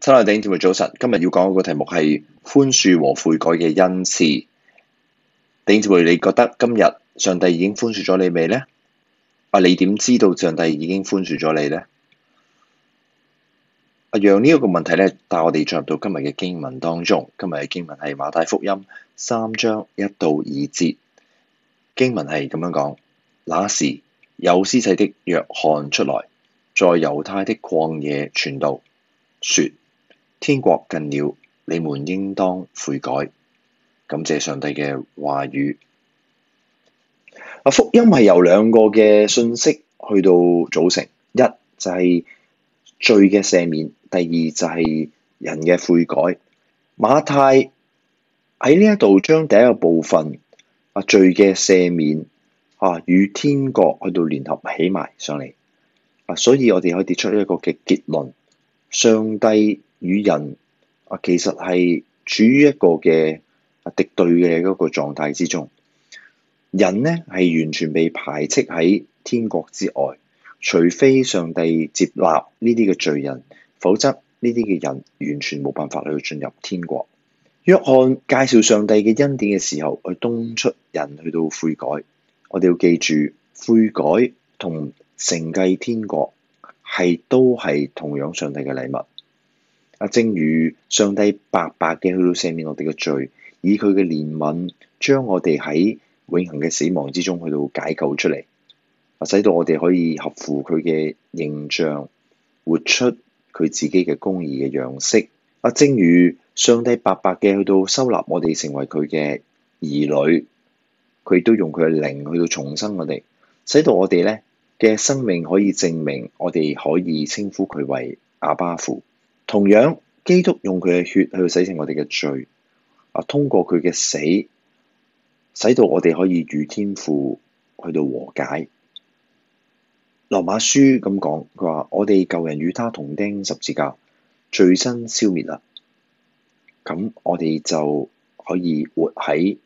親愛弟兄姊妹早晨，今日要講一個題目係寬恕和悔改嘅恩賜。弟兄姊妹，你覺得今日上帝已經寬恕咗你未呢？阿、啊、你點知道上帝已經寬恕咗你呢？阿楊呢一個問題咧，帶我哋進入到今日嘅經文當中。今日嘅經文係馬太福音三章一到二節，經文係咁樣講：那時有施洗的約翰出來，在猶太的曠野傳道，說。天國近了，你們應當悔改。感謝上帝嘅話語。啊，福音係由兩個嘅信息去到組成，一就係罪嘅赦免，第二就係人嘅悔改。馬太喺呢一度將第一個部分啊，罪嘅赦免啊與天國去到聯合起埋上嚟，啊，所以我哋可以跌出一個嘅結論：上帝。與人啊，其實係處於一個嘅敵對嘅一個狀態之中。人呢係完全被排斥喺天國之外，除非上帝接納呢啲嘅罪人，否則呢啲嘅人完全冇辦法去進入天國。約翰介紹上帝嘅恩典嘅時候，去東出人去到悔改。我哋要記住悔改同承繼天國係都係同樣上帝嘅禮物。啊！正如上帝白白嘅去到赦免我哋嘅罪，以佢嘅憐憫將我哋喺永恆嘅死亡之中去到解救出嚟，啊！使到我哋可以合乎佢嘅形象，活出佢自己嘅公義嘅樣式。啊！正如上帝白白嘅去到收納我哋成為佢嘅兒女，佢亦都用佢嘅靈去到重生我哋，使到我哋咧嘅生命可以證明我哋可以稱呼佢為阿爸父。同樣，基督用佢嘅血去洗淨我哋嘅罪，啊，通過佢嘅死，使到我哋可以與天父去到和解。羅馬書咁講，佢話：我哋舊人與他同釘十字架，罪身消滅啦。咁我哋就可以活喺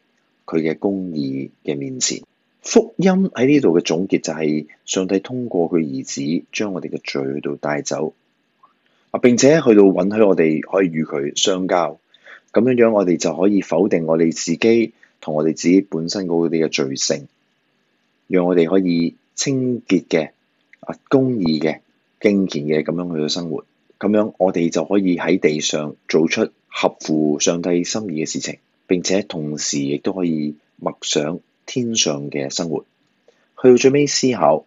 佢嘅公義嘅面前。福音喺呢度嘅總結就係上帝通過佢兒子將我哋嘅罪去到帶走。啊！並且去到允許我哋可以與佢相交，咁樣樣我哋就可以否定我哋自己同我哋自己本身嗰啲嘅罪性，讓我哋可以清潔嘅啊公義嘅、敬虔嘅咁樣去到生活。咁樣我哋就可以喺地上做出合乎上帝心意嘅事情，並且同時亦都可以默想天上嘅生活。去到最尾思考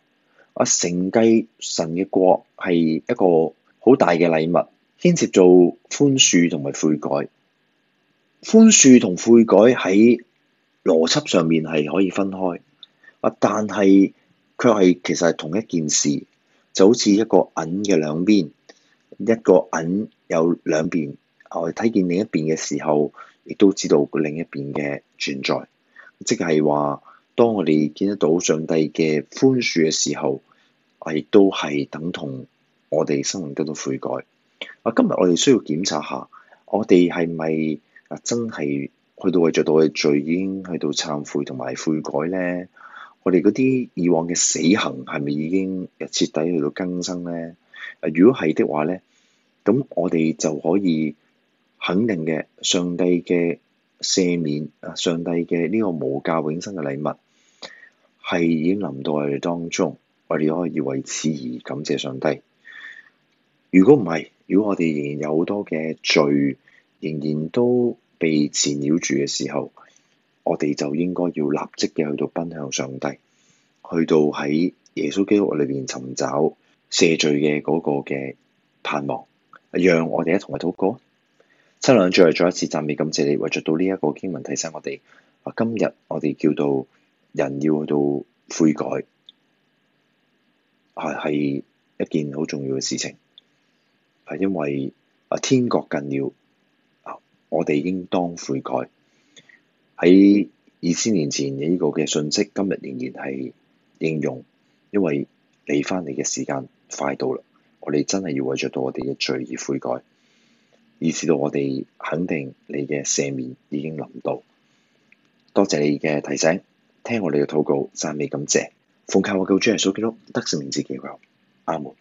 啊，承繼神嘅國係一個好大嘅禮物，牽涉做寬恕同埋悔改。寬恕同悔改喺邏輯上面係可以分開，啊，但係佢係其實係同一件事，就好似一個銀嘅兩邊，一個銀有兩邊，我哋睇見另一邊嘅時候，亦都知道佢另一邊嘅存在，即係話，當我哋見得到上帝嘅寬恕嘅時候，我亦都係等同。我哋生命得到悔改。啊，今日我哋需要檢查下，我哋係咪啊真係去到為著到嘅罪已經去到懺悔同埋悔改咧？我哋嗰啲以往嘅死行係咪已經啊徹底去到更生咧？啊，如果係的話咧，咁我哋就可以肯定嘅，上帝嘅赦免啊，上帝嘅呢個無價永生嘅禮物係已經臨到我哋當中，我哋可以為此而感謝上帝。如果唔係，如果我哋仍然有好多嘅罪，仍然都被纏繞住嘅時候，我哋就應該要立即嘅去到奔向上帝，去到喺耶穌基督裏邊尋找赦罪嘅嗰個嘅盼望，讓我哋一同嘅禱告。親愛嘅弟兄，最後再一次讚美感謝你，為著到呢一個經文提醒我哋，今日我哋叫到人要去到悔改，係係一件好重要嘅事情。係因為啊天國近了，我哋應當悔改。喺二千年前嘅呢個嘅訊息，今日仍然係應用，因為你翻嚟嘅時間快到啦。我哋真係要為著到我哋嘅罪而悔改，以致到我哋肯定你嘅赦免已經臨到。多謝你嘅提醒，聽我哋嘅禱告，讚美感謝，奉靠我主耶穌基督，得勝名字記號，阿門。